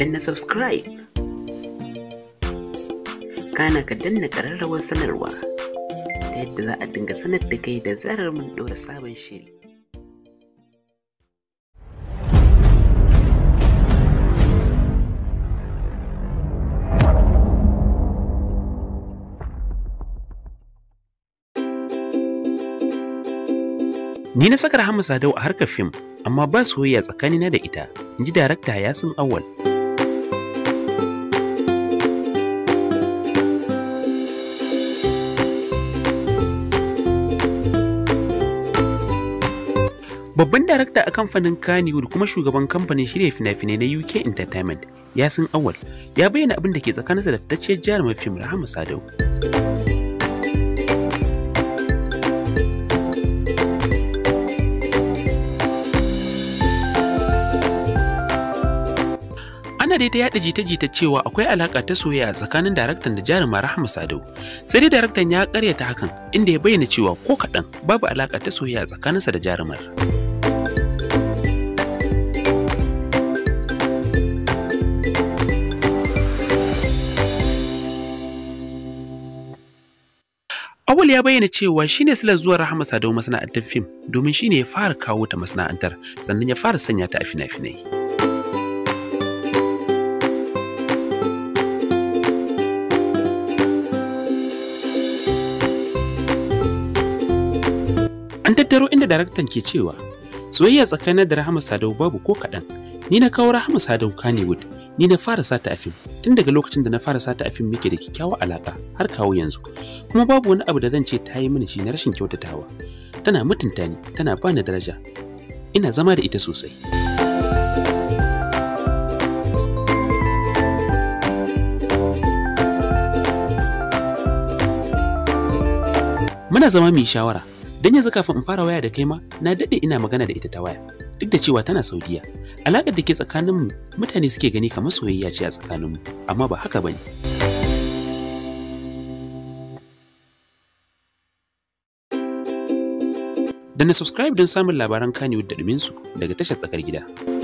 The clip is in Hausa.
danna subscribe kana ka danna ƙararrawar sanarwa ta yadda za a dinga sanar da kai da zarar mun ɗora sabon shiri Ni na saka Rahama Sadau a harkar fim, amma ba soyayya tsakanina da ita, in ji darakta Yasin Awal. Babban darakta a kamfanin Kannywood kuma shugaban kamfanin shirya fina-finai na UK Entertainment, Yasin Awal, ya bayyana abin da ke tsakaninsa da fitacciyar jarumar fim Rahama Sadau. ana dai ta yada jita-jita cewa akwai alaka ta soyayya tsakanin daraktan da jaruma Rahama Sadau. Sai dai daraktan ya karyata hakan inda ya bayyana cewa ko kaɗan babu alaka ta soyayya tsakaninsa da jarumar. Awul ya bayyana cewa shine silar zuwa Rahama Sadau masana'antar fim domin shine ya fara kawo ta masana'antar sannan ya fara sanya ta a fina-finai. An tattaro inda daraktan ke cewa soyayya tsakanin da Rahama Sadau babu ko kaɗan. Ni na kawo Rahama Sadau Kannywood ni na fara sata a fim tun daga lokacin da na fara sata a fim muke da kyakkyawa alaka har kawo yanzu kuma babu wani abu da zan ce ta yi mini shi na rashin kyautatawa tana mutunta ni tana ni daraja ina zama da ita sosai muna zama mai shawara don yanzu kafin in fara waya da kai ma na daɗe ina magana da ita ta waya duk da cewa tana Saudiya. Alakar da ke tsakaninmu mutane suke gani kamar soyayya ce a tsakaninmu, amma ba haka ba ne. Da subscribe don samun labaran kaniwood da ɗuminsu daga tashar tsakar gida.